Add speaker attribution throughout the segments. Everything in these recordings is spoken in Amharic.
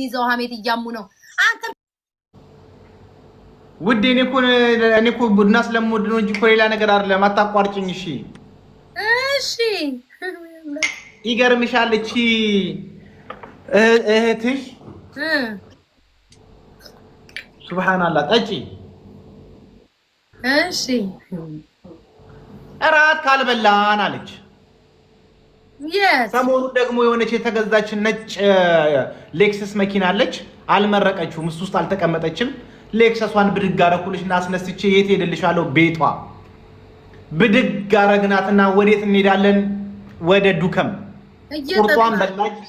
Speaker 1: ይዘው ሀሜት እያሙ ነው። አንተ
Speaker 2: ውድ እኔ እኔ እኮ ቡና ስለምወድ ነው እንጂ እኮ ሌላ ነገር አይደለም። አታቋርጭኝ። እሺ እሺ። ይገርምሻል፣ እቺ እህትሽ ሱብሃንአላህ ጠጪ። እሺ እራት ካልበላን አለች ሰሞኑን ደግሞ የሆነች የተገዛች ነጭ ሌክሰስ መኪና አለች። አልመረቀችውም፣ እሱ ውስጥ አልተቀመጠችም። ሌክሰሷን ብድግ አረኩልሽ አረኩልሽና አስነስቼ የት ሄድልሻለሁ? ቤቷ ብድግ አረግናትና ወዴት እንሄዳለን? ወደ ዱከም። ቁርጧን በላች።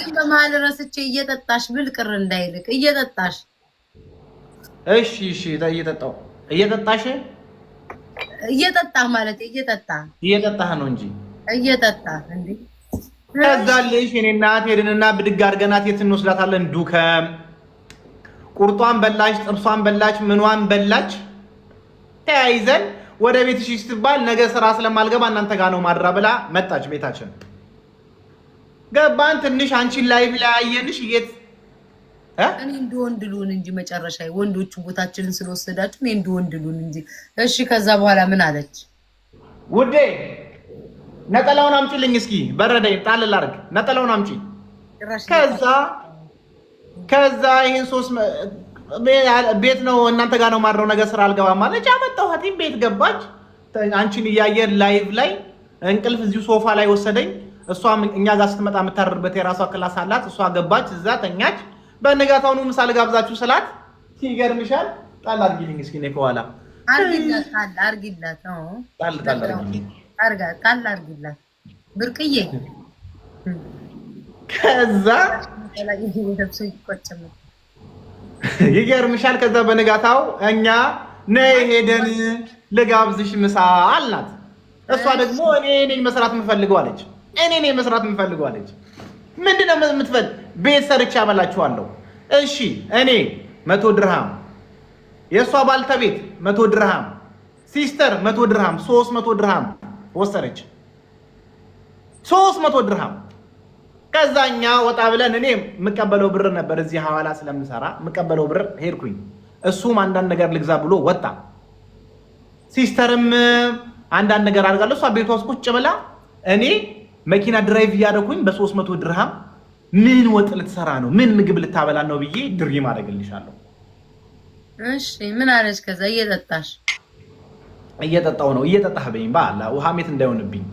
Speaker 1: ግን በመሀል ረስቼ እየጠጣሽ ብል ቅር እንዳይልቅ እየጠጣሽ
Speaker 2: እሺ፣ እሺ፣ እየጠጣው እየጠጣሽ
Speaker 1: እየጠጣ ማለት እየጠጣህ
Speaker 2: እየጠጣህ ነው እንጂ
Speaker 1: እየጠጣ እንዴ
Speaker 2: ከዛልሽ እኔ እናት ሄድንና ብድግ አድርገናት የት እንወስዳታለን? ዱከም ቁርጧን በላች፣ ጥርሷን በላች፣ ምኗን በላች። ተያይዘን ወደ ቤትሽ ስትባል ነገ ስራ ስለማልገባ እናንተ ጋር ነው ማድራ ብላ መጣች ቤታችን። ገባን ትንሽ አንቺን ላይ አየንሽ። እየት
Speaker 1: እኔ እንደ ወንድ ልሁን እንጂ መጨረሻ ወንዶቹ ቦታችንን ስለወሰዳችሁ እኔ እንደ ወንድ ልሁን እንጂ። እሺ ከዛ በኋላ ምን አለች
Speaker 2: ውዴ? ነጠላውን አምጪልኝ እስኪ በረደኝ፣ ጣል ላድርግ። ነጠላውን አምጪ። ከዛ ከዛ ይህን ሶስት ቤት ነው እናንተ ጋር ነው ማድረው። ነገ ስራ አልገባም ማለች። አመጣኋት፣ ቤት ገባች። አንቺን እያየን ላይቭ ላይ እንቅልፍ እዚሁ ሶፋ ላይ ወሰደኝ። እሷ እኛ ጋር ስትመጣ የምታደርበት የራሷ ክላስ አላት። እሷ ገባች፣ እዛ ተኛች። በንጋታውኑ ምሳ ልጋብዛችሁ ስላት ይገርምሻል፣ ጣል አድርጊልኝ እስኪ እኔ ከኋላ
Speaker 1: አድርጊላት፣ ጣል
Speaker 2: ጣል አድርጊላት።
Speaker 1: አርጋ ጣል አርግላት ብርቅዬ።
Speaker 2: ከዛ ይገርምሻል። ከዛ በንጋታው እኛ ነይ ሄደን ልጋብዝሽ ምሳ አልናት። እሷ ደግሞ እኔ ነኝ መስራት የምፈልገው አለች። እኔ ነኝ መስራት የምፈልገው አለች። ምንድነው የምትፈል? ቤት ሰርቼ አበላችኋለሁ። እሺ እኔ መቶ ድርሃም የእሷ ባልተቤት መቶ ድርሃም ሲስተር መቶ ድርሃም ሶስት መቶ ድርሃም ወሰደች ሶስት መቶ ድርሃም። ከዛኛ ወጣ ብለን እኔ የምቀበለው ብር ነበር እዚህ ሐዋላ ስለምሰራ የምቀበለው ብር ሄድኩኝ። እሱም አንዳንድ ነገር ልግዛ ብሎ ወጣ። ሲስተርም አንዳንድ ነገር አድርጋለሁ። እሷ ቤቷ ውስጥ ቁጭ ብላ እኔ መኪና ድራይቭ እያደረኩኝ በሶስት መቶ ድርሃም ምን ወጥ ልትሰራ ነው? ምን ምግብ ልታበላ ነው ብዬ ድሪም አደረግልሻለሁ።
Speaker 1: እሺ ምን አለች? ከዛ እየጠጣሽ
Speaker 2: እየጠጣው ነው። እየጠጣህ በይኝ፣ በአላ ውሃ ሜት እንዳይሆንብኝ።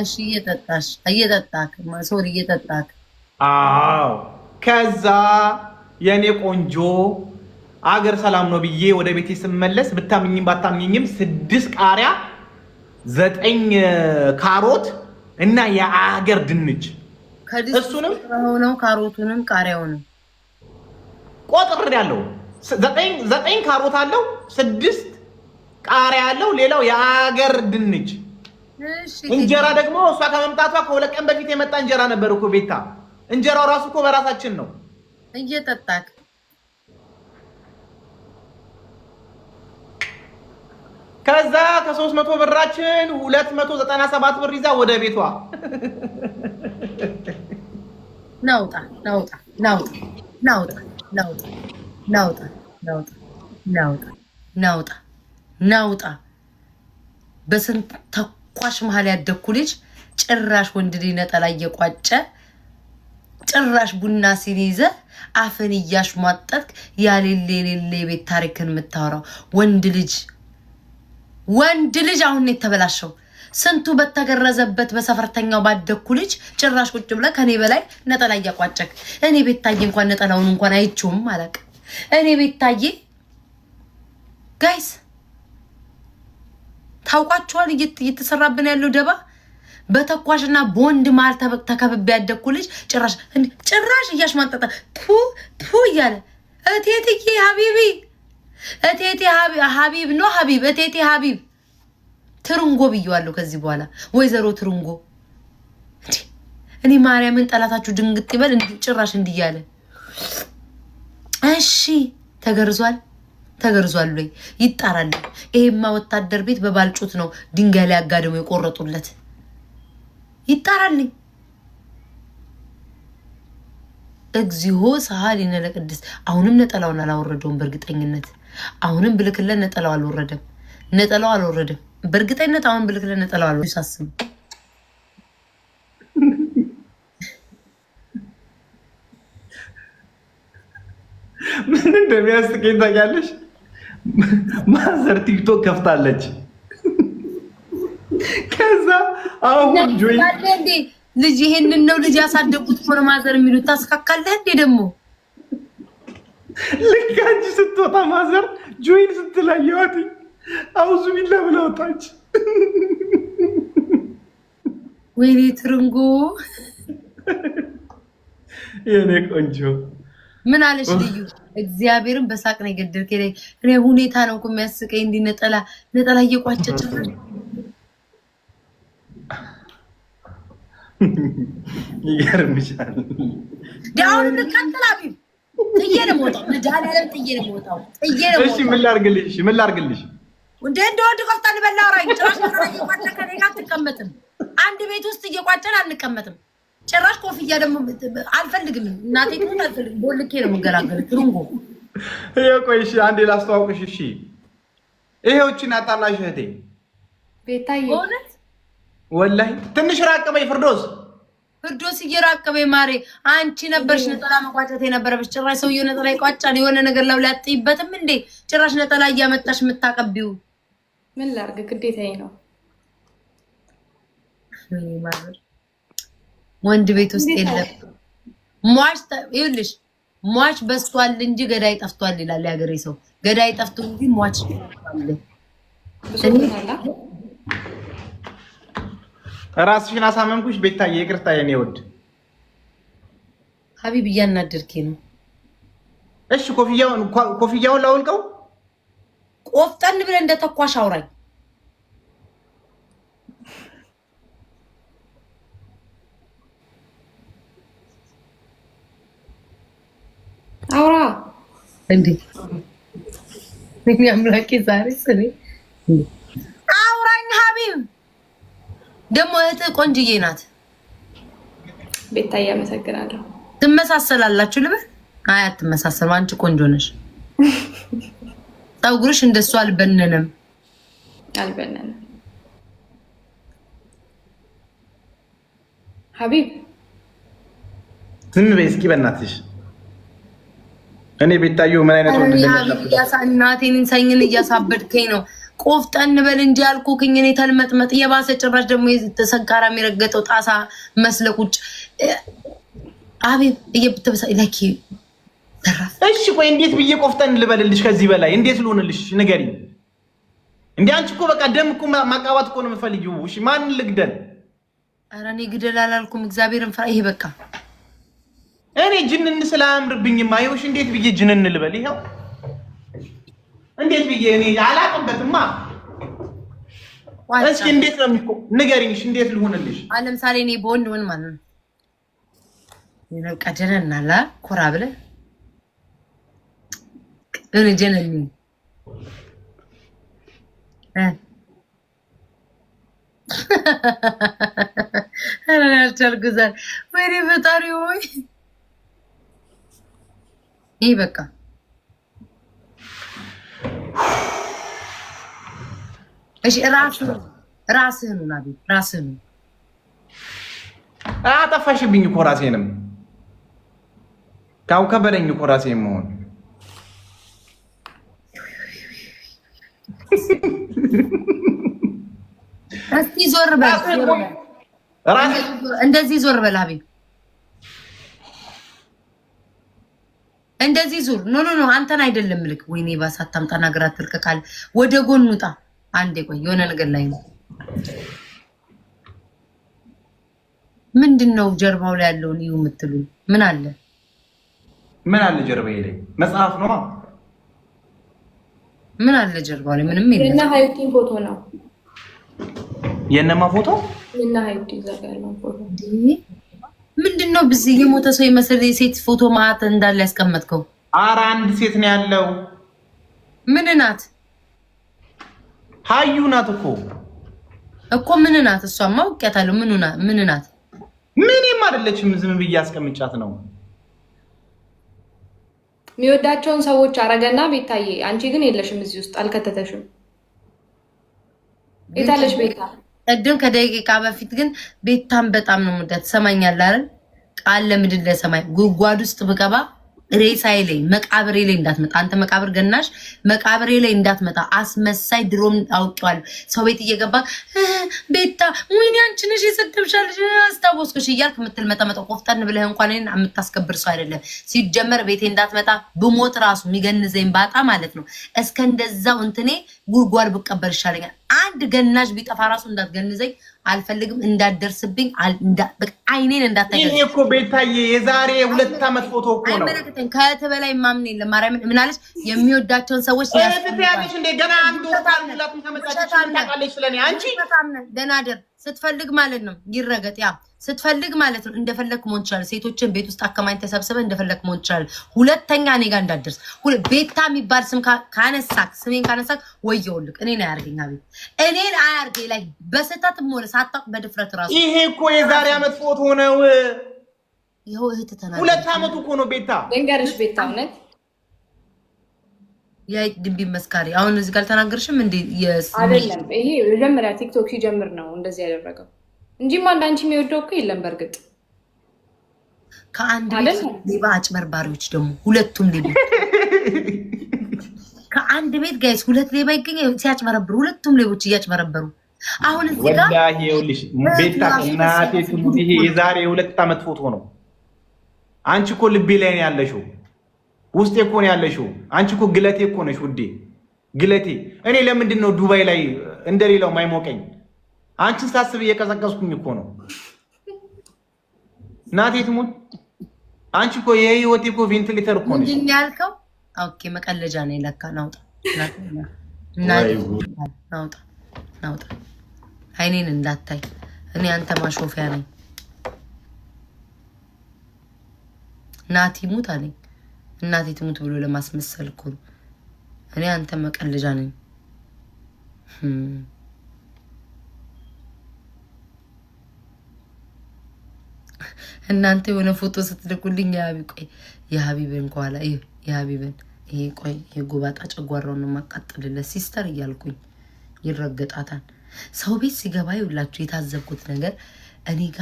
Speaker 1: እሺ፣ እየጠጣሽ እየጠጣክ ሶሪ፣ እየጠጣክ
Speaker 2: አዎ። ከዛ የእኔ ቆንጆ አገር ሰላም ነው ብዬ ወደ ቤቴ ስመለስ ብታምኝም ባታምኝኝም ስድስት ቃሪያ፣ ዘጠኝ ካሮት እና የአገር ድንች
Speaker 1: እሱንም ሆነው ካሮቱንም ቃሪያውንም
Speaker 2: ቆጥሬያለሁ። ዘጠኝ ካሮት አለው ስድስት ቃሪያ ያለው ሌላው የአገር ድንች እንጀራ ደግሞ እሷ ከመምጣቷ ከሁለት ቀን በፊት የመጣ እንጀራ ነበር እኮ ቤታ። እንጀራው ራሱ እኮ በራሳችን ነው
Speaker 1: እየጠጣክ
Speaker 2: ከዛ ከሶስት መቶ ብራችን ሁለት መቶ ዘጠና ሰባት ብር ይዛ ወደ ቤቷ
Speaker 1: ናውጣ ናውጣ ናውጣ ናውጣ ናውጣ ናውጣ ናውጣ ናውጣ ናውጣ ናውጣ በስንት ተኳሽ መሀል ያደግኩ ልጅ ጭራሽ ወንድ ልጅ ነጠላ እየቋጨ ጭራሽ ቡና ሲል ይዘ አፍን እያሽሟጠጥክ ያሌለ የሌለ የቤት ታሪክን የምታወራው ወንድ ልጅ ወንድ ልጅ አሁን የተበላሸው ስንቱ በተገረዘበት በሰፈርተኛው ባደግኩ ልጅ ጭራሽ ቁጭ ብለ ከኔ በላይ ነጠላ እያቋጨክ። እኔ ቤታዬ እንኳን ነጠላውን እንኳን አይችውም አለቅ እኔ ቤታዬ ጋይስ ታውቋቸዋል እየተሰራብን ያለው ደባ በተኳሽና በወንድ ማል ተከብቤ ያደግኩ ልጅ ጭራሽ ጭራሽ እያሽማጠጠ ፑ ፑ እያለ እቴትዬ ሀቢቢ እቴቴ ሀቢብ ነው ሀቢብ እቴቴ ሀቢብ ትርንጎ ብየዋለሁ። ከዚህ በኋላ ወይዘሮ ትርንጎ እኔ ማርያምን ጠላታችሁ ድንግጥ ይበል ጭራሽ እንዲያለ እሺ ተገርዟል። ተገርዟል ወይ ይጣራል። ይሄማ ወታደር ቤት በባልጩት ነው ድንጋይ ላይ አጋድመው የቆረጡለት። ይጣራል እግዚኦ ሰዓሊነ ለቅድስት። አሁንም ነጠላውን አላወረደውም በእርግጠኝነት። አሁንም ብልክለን ነጠላው አልወረደም። ነጠላው አልወረደም በእርግጠኝነት። አሁን ብልክለን ነጠላው አልወረደም ሳስብ
Speaker 2: ምን እንደሚያስቀኝ ታውቂያለሽ? ማዘር ቲክቶክ ከፍታለች። ከዛ አሁን
Speaker 1: ጆይ ልጅ ይሄንን ነው ልጅ ያሳደጉት ኮር ማዘር የሚሉት። ታስካካለህ እንዴ ደግሞ
Speaker 2: ልክ አንቺ ስትወጣ ማዘር ጆይን ስትላየዋት አውዙ ቢላ ብላ ወጣች።
Speaker 1: ወይኔ ትርንጎ
Speaker 2: የኔ ቆንጆ
Speaker 1: ምን አለች ልዩ? እግዚአብሔርን በሳቅ ነው የገደልከኝ። እኔ ሁኔታ ነው እኮ የሚያስቀኝ እንዲህ ነጠላ ነጠላ እየቋጨች
Speaker 2: ይገርምሻል።
Speaker 1: እንቀጥል። ጥዬ ነው የምወጣው፣ መድኃኒዓለም ጥዬ ነው የምወጣው።
Speaker 2: ጥዬ ነው ምን ላድርግልሽ? ምን ላድርግልሽ?
Speaker 1: እንደ እንደ ወንድ አውራኝ። ጭራሽ ከእኔ ጋር አትቀመጥም። አንድ ቤት ውስጥ እየቋጨን አንቀመጥም። ጭራሽ ኮፍያ ደግሞ አልፈልግም። እናቴ ትሙት አልፈልግም። ቦልኬ ነው የምገላገል። ትሩንጎ
Speaker 2: ቆይ እሺ፣ አንዴ ላስተዋውቅሽ። እሺ፣ ይሄዎችን አጣላሽ እህቴ
Speaker 1: ቤታዬ፣ በእውነት
Speaker 2: ወላሂ ትንሽ ራቅ በይ ፍርዶስ
Speaker 1: ፍርዶስ እየራቀበ ማሬ አንቺ ነበርሽ ነጠላ መቋጨት የነበረብሽ። ጭራሽ ሰውዬው ነጠላ ይቋጫል። የሆነ ነገር ላው ላይ እንዴ? ጭራሽ ነጠላ እያመጣሽ የምታቀቢው ምን ላርግ? ግዴታዬ ነው። ወንድ ቤት ውስጥ የለም። ሟች ይኸውልሽ፣ ሟች በስቷል እንጂ ገዳይ ጠፍቷል ይላል የሀገሬ ሰው። ገዳይ ጠፍቶ እንጂ ሟች
Speaker 2: ራስሽን አሳመንኩሽ። ቤታዬ ይቅርታ፣ የኔ ውድ
Speaker 1: ሀቢብ እያናደርኬ ነው።
Speaker 2: እሺ ኮፍያውን ኮፍያውን ላውልቀው።
Speaker 1: ቆፍጠን ብለህ እንደተኳሽ አውራኝ አውራ እንዴ እኔ አምላኬ ዛሬ ስለ አውራኝ ሀቢብ ደግሞ እህትህ ቆንጅዬ ናት። ቤታ እያመሰግናለሁ። ትመሳሰላላችሁ ልበል? አይ አትመሳሰሉ። አንቺ ቆንጆ ነሽ። ፀጉርሽ እንደሱ አልበነንም አልበነንም። ሀቢብ
Speaker 2: ዝም በይ እስኪ በእናትሽ እኔ ቤታየሁ ምን አይነት
Speaker 1: እናቴን ሰኝን እያሳበድከኝ ነው። ቆፍጠን በል እንጂ ያልኩክኝ እኔ ተልመጥመጥ የባሰ ጭራሽ ደግሞ ተሰንካራ የሚረገጠው ጣሳ መስለቁጭ ውጭ አቤ እየብተበሳ ላኪ
Speaker 2: እሺ፣ ቆይ እንዴት ብዬ ቆፍጠን ልበልልሽ? ከዚህ በላይ እንዴት ልሆንልሽ? ንገሪ። እንደ አንቺ እኮ በቃ ደም እኮ ማቃባት እኮ ነው የምፈልጊው። እሺ፣ ማን ልግደል?
Speaker 1: ኧረ እኔ ግደል አላልኩም። እግዚአብሔርን ፍራ። ይሄ በቃ
Speaker 2: እኔ ጅንን ስላያምርብኝማ ይኸውሽ፣ እንዴት ብዬ ጅንን ልበል? ይኸው እንዴት ብዬ እኔ አላቅበትማ። እስኪ እንዴት ነው የሚቆ ንገሪኝሽ፣ እንዴት ልሆንልሽ?
Speaker 1: ለምሳሌ እኔ በወንድ ምን ማለት ነው? በቃ ጀነን አለ ኮራ ብለ እኔ ጀነን ኧረ አልቻልኩ ዛሬ። ወይኔ ፈጣሪ ወይ ይህ በቃ እሺ፣ ራስህን ራስህን እና ራስህን
Speaker 2: አጠፋሽብኝ እኮ ራሴንም ካው ከበደኝ እኮ ራሴን መሆን
Speaker 1: እስኪ ዞር በል፣ እንደዚህ ዞር በል አቤት እንደዚህ ዙር። ኖ ኖ ኖ አንተን አይደለም ልክ ወይኔ ባስ አታምጣና ግራ ትልቅካል። ወደ ጎን ውጣ። አንዴ ቆይ፣ የሆነ ነገር ላይ ነው። ምንድን ነው ጀርባው ላይ ያለውን እዩ የምትሉ ምን አለ?
Speaker 2: ምን አለ ጀርባ ላይ መጽሐፍ ነው።
Speaker 1: ምን አለ ጀርባው ላይ ምንም የለም። የእነ ሀይቲን ፎቶ ነው። የእነማ ፎቶ? የእነ ሀይቲ ዘጋ ያለው ፎቶ ምንድን ነው ብዝ የሞተ ሰው የመሰለ የሴት ፎቶ ማት እንዳለ ያስቀመጥከው?
Speaker 2: አረ አንድ ሴት ነው ያለው። ምን ናት? ሀዩ ናት እኮ
Speaker 1: እኮ ምን ናት? እሷማ አውቄያታለሁ። ምን ናት?
Speaker 2: ምንም አይደለችም። ዝም ብዬ አስቀምጫት ነው።
Speaker 1: የሚወዳቸውን ሰዎች አረገና ቤታዬ፣ አንቺ ግን የለሽም እዚህ ውስጥ አልከተተሽም። የታለሽ ቤታ? ቅድም ከደቂቃ በፊት ግን ቤታን በጣም ነው ሙዳት ትሰማኛለህ ቃል ለምድር ለሰማይ ጉድጓድ ውስጥ ብገባ ሬሳዬ ላይ መቃብሬ ላይ እንዳትመጣ። አንተ መቃብር ገናሽ መቃብሬ ላይ እንዳትመጣ። አስመሳይ ድሮም አውቄዋለሁ። ሰው ቤት እየገባ ቤታ ወይኔ አንቺ ነሽ የሰደብሻለሽ አስታወስኩሽ እያልክ የምትልመጠመጠ ቆፍጠን ብለህ እንኳን እኔን የምታስከብር ሰው አይደለም። ሲጀመር ቤቴ እንዳትመጣ ብሞት ራሱ የሚገንዘኝ ባጣ ማለት ነው። እስከ እንደዛው እንትኔ ጉድጓድ ብቀበር ይሻለኛል። አንድ ገናሽ ቢጠፋ ራሱ እንዳትገንዘኝ አልፈልግም፣ እንዳትደርስብኝ፣ አይኔን እንዳታገኝ።
Speaker 2: ይሄ እኮ ቤታዬ የዛሬ ሁለት ዓመት ፎቶ እኮ
Speaker 1: ነው። አይመለከተኝ ከእህት በላይ ማምን የለም። ማርያምን ምናለች የሚወዳቸውን ሰዎች
Speaker 2: ያለች እንደ ገና አንድ ወጣ ላት ከመጣች ስለኔ አንቺ በጣም
Speaker 1: ስትፈልግ ማለት ነው ይረገጥ። ያ ስትፈልግ ማለት ነው እንደፈለግ መሆን ይችላል። ሴቶችን ቤት ውስጥ አከማኝ ተሰብስበ እንደፈለግ መሆን ይችላል። ሁለተኛ እኔ ጋር እንዳትደርስ። ቤታ የሚባል ስም ካነሳክ፣ ስሜን ካነሳክ ወየውልክ። እኔን አያርገኝ፣ አቤት እኔን አያርገ ላይ በስህተትም ሆነ ሳታውቅ በድፍረት
Speaker 2: ራሱ ይሄ እኮ የዛሬ አመት ፎቶ ነው። ይኸው እህት ተናግረህ ሁለት ዓመቱ እኮ ነው ቤታ
Speaker 1: ንገርሽ ቤታ እውነት የድንቢ መስካሪ አሁን እዚህ ጋር አልተናገርሽም እንዴ? አይደለም ይሄ መጀመሪያ ቲክቶክ ሲጀምር ነው እንደዚህ ያደረገው እንጂማ አንዳንቺ የሚወደው እኮ የለም። በእርግጥ ከአንድ ቤት ሌባ አጭበርባሪዎች ደግሞ ሁለቱም ሌባ ከአንድ ቤት ጋይስ ሁለት ሌባ ይገኛ ሲያጭበረብሩ፣ ሁለቱም ሌቦች እያጭበረበሩ አሁን እዚህ
Speaker 2: ጋር ይኸውልሽ፣ ቤታ እናቴ ትሙት ይሄ የዛሬ የሁለት ዓመት ፎቶ ነው። አንቺ እኮ ልቤ ላይ ነው ያለሽው ውስጤ እኮ ነው ያለሽው። አንቺ እኮ ግለቴ እኮ ነሽ ውዴ፣ ግለቴ። እኔ ለምንድን ነው ዱባይ ላይ እንደሌላው ማይሞቀኝ? አንቺን ሳስብ እየቀዘቀዝኩኝ እኮ ነው። ናቴ ትሙት። አንቺ እኮ የህይወቴ እኮ ቬንትሌተር እኮ ነሽ።
Speaker 1: ምንድን ያልከው? ኦኬ መቀለጃ ነው ለካ። ናውጣ
Speaker 2: ናውጣ
Speaker 1: ናውጣ። አይኔን እንዳታይ። እኔ አንተ ማሾፊያ ነኝ። ናቲ ሙት አለኝ። እናቴ ትሙት ብሎ ለማስመሰል እኮ ነው። እኔ አንተ መቀለጃ ነኝ። እናንተ የሆነ ፎቶ ስትልኩልኝ የሀቢ ቆይ የሀቢብን ከኋላ የሀቢብን ይሄ ቆይ የጎባጣ ጨጓራውን ማቃጠልለት ሲስተር እያልኩኝ ይረገጣታል። ሰው ቤት ሲገባ ይውላችሁ የታዘብኩት ነገር እኔ ጋ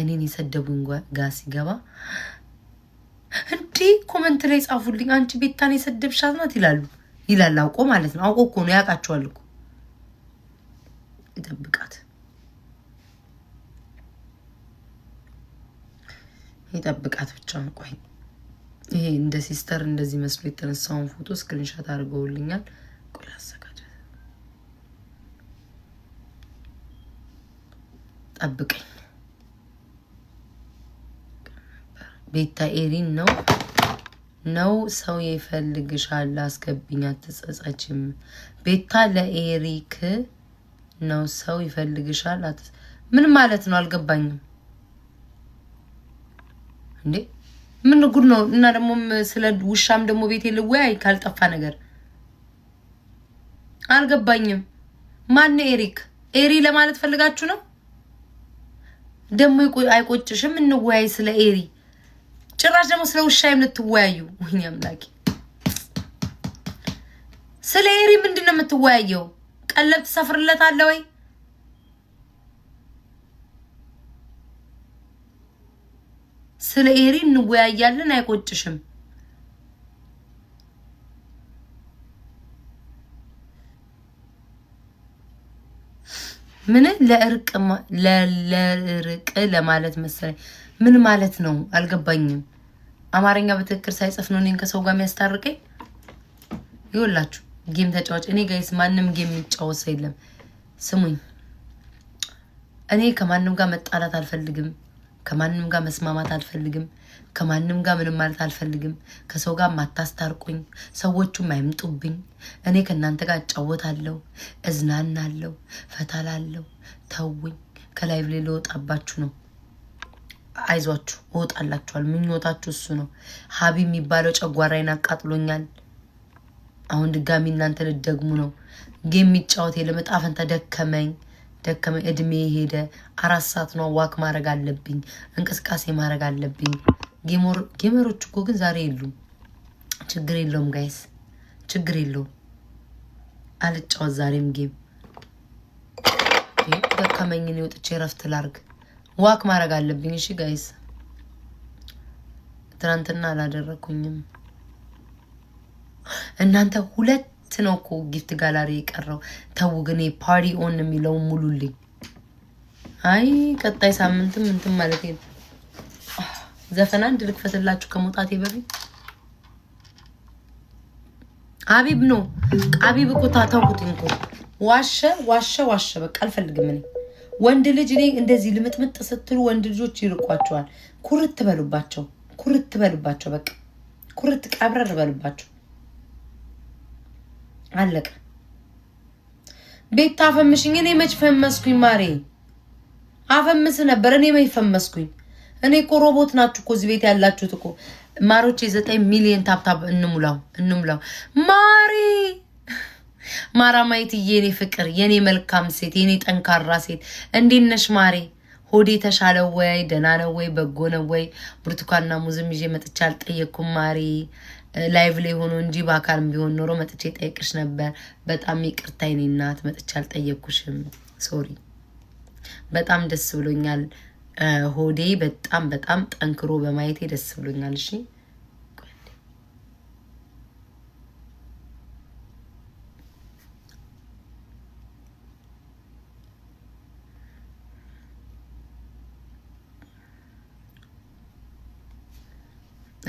Speaker 1: እኔን የሰደቡኝ ጋ ሲገባ እንዴ ኮመንት ላይ ጻፉልኝ፣ አንቺ ቤታን የሰደብሻት ናት ይላሉ ይላል። አውቆ ማለት ነው። አውቆ እኮ ነው። ያውቃቸዋል እኮ ይጠብቃት ይጠብቃት ብቻ እንቆይ። ይሄ እንደ ሲስተር እንደዚህ መስሎ የተነሳውን ፎቶ ስክሪንሻት አድርገውልኛል። ቆይ አዘጋጀ ጠብቀኝ። ቤታ ኤሪን ነው ነው ሰው ይፈልግሻል፣ አስገብኝ፣ አትጸጸችም። ቤታ ለኤሪክ ነው ሰው ይፈልግሻል። ምን ማለት ነው? አልገባኝም እንዴ? ምን ጉድ ነው? እና ደግሞ ስለ ውሻም ደግሞ ቤቴ ልወያይ ካልጠፋ ነገር አልገባኝም። ማን ኤሪክ ኤሪ ለማለት ፈልጋችሁ ነው? ደግሞ አይቆጭሽም? እንወያይ ስለ ኤሪ ጭራሽ ደግሞ ስለ ውሻዬም ልትወያዩ ወይኔ አምላኬ! ስለ ኤሪ ምንድን ነው የምትወያየው? ቀለብ ትሰፍርለታለህ ወይ? ስለ ኤሪ እንወያያለን፣ አይቆጭሽም። ምን ለእርቅ ለማለት መሰለኝ። ምን ማለት ነው አልገባኝም። አማርኛ በትክክል ሳይጽፍ ነው እኔን ከሰው ጋር የሚያስታርቀኝ። ይወላችሁ ጌም ተጫዋች እኔ ጋይስ፣ ማንም ጌም የሚጫወት ሰው የለም። ስሙኝ፣ እኔ ከማንም ጋር መጣላት አልፈልግም። ከማንም ጋር መስማማት አልፈልግም። ከማንም ጋር ምንም ማለት አልፈልግም። ከሰው ጋር ማታስታርቁኝ፣ ሰዎቹም አይምጡብኝ። እኔ ከእናንተ ጋር እጫወታለሁ፣ እዝናናለሁ፣ ፈታላለሁ። ተውኝ። ከላይ ብሌ ልወጣባችሁ ነው። አይዟችሁ፣ እወጣላችኋል። ምኞታችሁ እሱ ነው። ሀቢ የሚባለው ጨጓራዬን አቃጥሎኛል። አሁን ድጋሚ እናንተ ልደግሙ ነው። ጌም የሚጫወት የለም። እጣ ፈንታ ደከመኝ። ደከመ፣ እድሜ ሄደ። አራት ሰዓት ነው። ዋክ ማድረግ አለብኝ፣ እንቅስቃሴ ማድረግ አለብኝ። ጌመሮች እኮ ግን ዛሬ የሉም። ችግር የለውም ጋይስ፣ ችግር የለውም። አልጫወት ዛሬም ጌም ደከመኝን ወጥቼ ረፍት ላርግ። ዋክ ማድረግ አለብኝ። እሺ ጋይስ፣ ትናንትና አላደረግኩኝም። እናንተ ሁለት ነው እኮ ጊፍት ጋላሪ የቀረው። ተው ግን ፓሪ ኦን የሚለው ሙሉልኝ። አይ ቀጣይ ሳምንትም እንትን ማለት ዘፈን አንድ ልክፈትላችሁ ከመውጣቴ በፊት አቢብ ነው አቢብ እኮ ታታውቁትኝ እኮ ዋሸ ዋሸ ዋሸ። በቃ አልፈልግም እኔ ወንድ ልጅ እኔ እንደዚህ ልምጥምጥ ስትሉ ወንድ ልጆች ይርቋቸዋል። ኩርት በሉባቸው፣ ኩርት በሉባቸው፣ በቃ ኩርት ቀብረር በሉባቸው። አለቀ። ቤታ አፈምሽኝ። እኔ መች ፈመስኩኝ? ማሬ አፈምስ ነበር። እኔ መች ፈመስኩኝ? እኔ እኮ ሮቦት ናችሁ እኮ እዚህ ቤት ያላችሁት እኮ ማሮች። የዘጠኝ ሚሊዮን ታብታብ እንሙላው እንሙላው። ማሪ ማራማይትዬ፣ የኔ ፍቅር፣ የኔ መልካም ሴት፣ የኔ ጠንካራ ሴት እንዴት ነሽ ማሬ? ሆዴ ተሻለ ወይ? ደህና ነው ወይ? በጎ ነው ወይ? ብርቱካንና ሙዝም ይዤ መጥቻ አልጠየቅኩም ማሪ ላይቭ ላይ ሆኖ እንጂ በአካልም ቢሆን ኖሮ መጥቼ ጠይቅሽ ነበር። በጣም ይቅርታ የኔ እናት፣ መጥቼ አልጠየቅኩሽም። ሶሪ። በጣም ደስ ብሎኛል። ሆዴ በጣም በጣም ጠንክሮ በማየቴ ደስ ብሎኛል። እሺ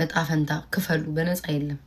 Speaker 1: እጣ ፈንታ ክፈሉ፣ በነፃ የለም።